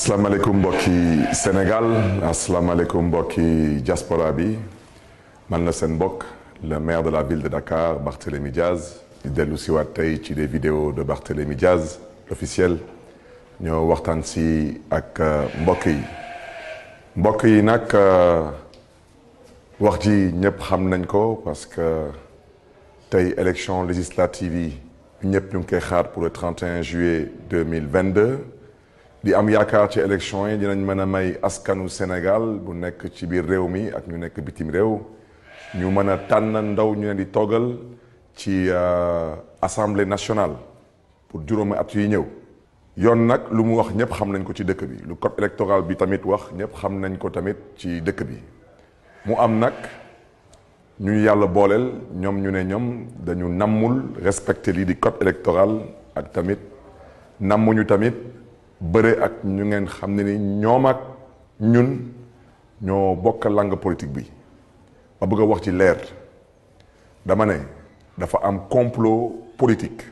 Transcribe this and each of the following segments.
alaikum Boki Sénégal alaikum Boki diaspora bi man Bok, le maire de la ville de Dakar Barthélémy Diaz Je vous siwaat tey des vidéos de Barthélémy Diaz l'officiel. Nous waxtaan si ak euh, mbokk yi mbokk yi vous euh, wax de tout parce que tey élections législatives, yi ñëpp pour le 31 juillet 2022 di am yaakaar ci élection yi dinañ mën a may askanu Sénégal bu nekk ci biir réew mi ak ñu nekk bitim réew ñu mën a tànn ndaw ñu leen di toggal ci euh, assemblée nationale pour juróomi at yi ñëw yoon nag lu mu wax ñëpp xam nañ ko ci dëkk bi lu code électoral bi tamit wax ñëpp xam nañ ko tamit ci dëkk bi mu am nag ñu yàlla booleel ñoom ñu ne ñoom dañu nammul respecter lii di code électoral ak tamit nammuñu tamit bëre ak ñu ngeen xam ne ni ñoom ak ñun ñoo bokk langue politique bi ma bëgg a wax ci leer dama ne dafa am complot politique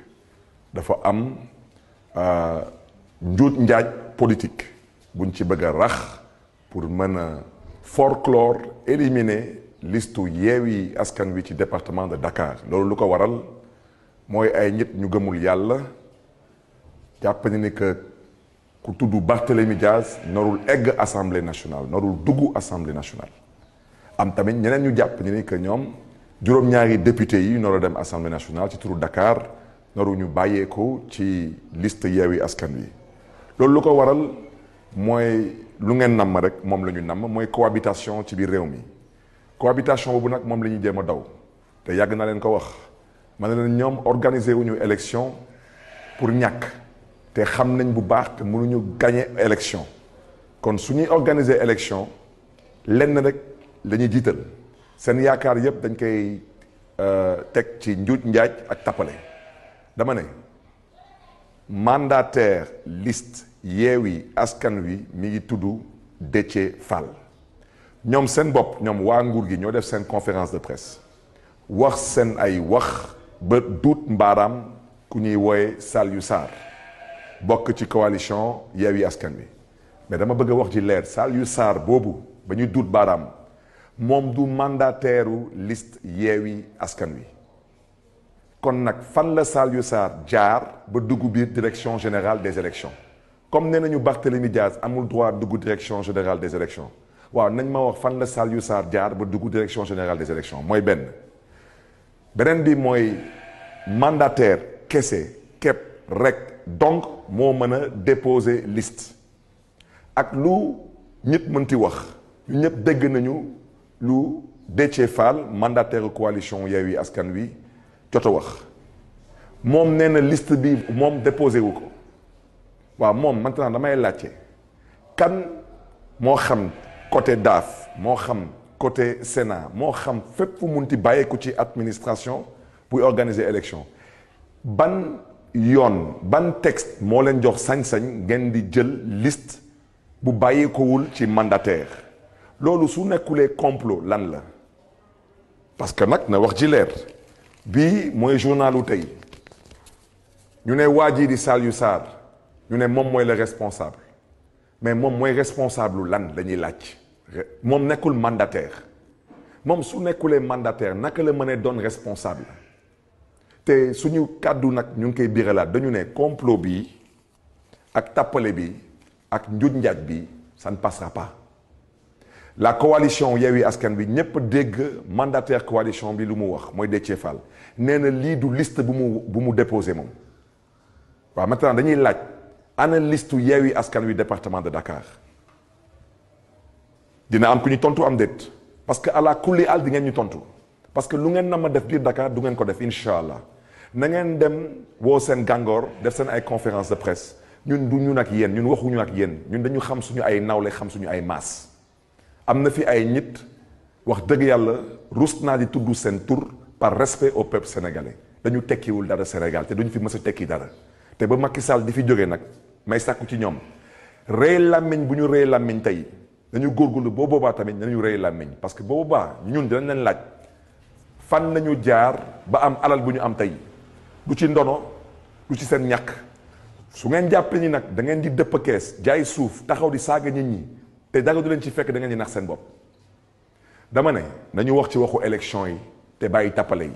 dafa am euh, njuut njaaj politique buñ ci bëgg a rax pour mën a forclore éliminer listu Yewwi Askan Wi ci département de Dakar loolu lu ko waral mooy ay nit ñu gëmul yàlla jàpp ni ku tudd Barthélemy Diaz norul egg assemblée nationale norul dugg assemblée nationale am tamit ñeneen ñu jàpp ni ni que ñoom juróom-ñaari député yi nor dem assemblée nationale ci turu Dakar noru ñu ko ci liste Yewwi Askan Wi loolu lu ko waral moy lu ngeen nam rek mom lañu nam moy cohabitation ci bi réew mi cohabitation boobu nak mom lañu ñuy daw te yag naa leen ko wax ma leen organiser wuñu élection pour ñàkk te xamnañ bu baax que mënuñu gagner élection kon su ñuy organiser élection lenn rek la ñuy jiital seen yaakaar yëpp dañ koy euh, teg ci njaaj ak dama ne mandataire liste Yewwi Askan Wi mi ngi tudd Déthié Fall ñoom seen bopp ñoom waa nguur gi ñoo def seen conférence de presse wax s'en ay wax ba duut mbaaraam ku ñuy wooye Saliou Sarr Bok ci coalition Yewwi Askan bi mais dama bëgg wax ji leer Saliou Sarr boobu ba ñu duut baaraam moom du mandataire liste Yewwi Askan Wi kon nag fan la Saliou Sar jaar ba dugg biir direction générale des élections comme nee nañu Barthélémy Diaz amul droit dugg direction générale des élections waaw nañ ma wax fan la Saliou Sar jaar ba dugg direction générale des élections mooy benn beneen bi mooy mandataire kese képp rek donc mo meuna a déposer liste ak lu ñëpp mënti wax ñu ñëpp dégg nañu lu Déthié Fall mandataire coalition Yewwi Askan Wi jot wax mom nee na liste bi mom déposé wu ko Wa maintenant damay laccé kan mo xam côté DAF mo xam côté Sénat mo xam fepp fu munti ko ci administration pour organiser élection ban yon ban texte mo len jox sañ-sañ ngeen di jël liste bu wul ci mandataire lolou su nekkulee complot lan la parce que nak na wax ji leer bii mooy journalu tay ñu ne waji di Saliou sar ñu ne mom moy le responsable mais mom moy responsable lan la lacc mom nekul mandataire mom su nekkulee mandataire nak la mënee don responsable te suñu kaddu nak ñu ngi koy biralaat dañu né complot bi ak tapalé bi ak njuj njaaj bi ça ne passera pas la coalition yewi Askan bi ñëpp dégg mandataire coalition bi lu mu wax moy Déthié Fall nee na lii du liste bu mu bu mu déposer mom wa maintenant dañuy laaj ana liste yewi Askan Wi département de Dakar dina am ku ñu tontu am dette parce que à la kulli al di ngeen ñu tontu parce que lu ngeen na ma def biir Dakar du ngeen ko def inshallah na ngeen dem woo seen gàngoor def seen ay conférence de presse ñun du ñun ak yéen ñun waxuñu ak yéen ñun dañu xam suñu ay nawle xam suñu ay maas am na fi ay nit wax dëgg yàlla rus naa di tudd seen tur par respect au peuple sénégalais dañu tekkiwul dara Sénégal te duñu fi mës a tekki dara te ba Macky Sall di fi jógee nag may sàkku ci ñoom rëy làmmiñ bu ñu rëy làmmiñ tey dañu góorgóorlu boo boobaa tamit nañu rëy làmmiñ parce que boo boobaa ñun dinañ leen laaj fan nañu jaar ba am alal bu ñu am tey du ci ndono du ci seen ñàkk su ngeen jàppe ni nag da ngeen di dëpp kees jaay suuf taxaw di saaga nit ñi te dara du leen ci fekk da ngeen di nax seen bopp dama ne nañu wax ci waxu élection yi te bàyyi tappale yi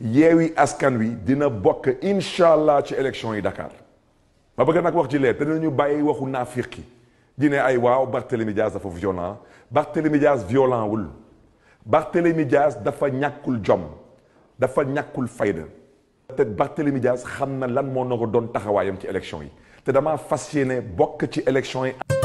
yeewi askan wi dina bokk incha allah ci élection yi Dakar ma bëgg nag wax ci leer te ñu bàyyi waxu naafiqi di ne ay waaw Barthélémy Dias dafa violent Barthélémy Dias violent wul dafa ñàkkul jom dafa ñàkkul fayda te Barthélémy Dias xam na lan moo na ko doon taxawaayam ci élection yi te dama fas yéene bokk ci élection yi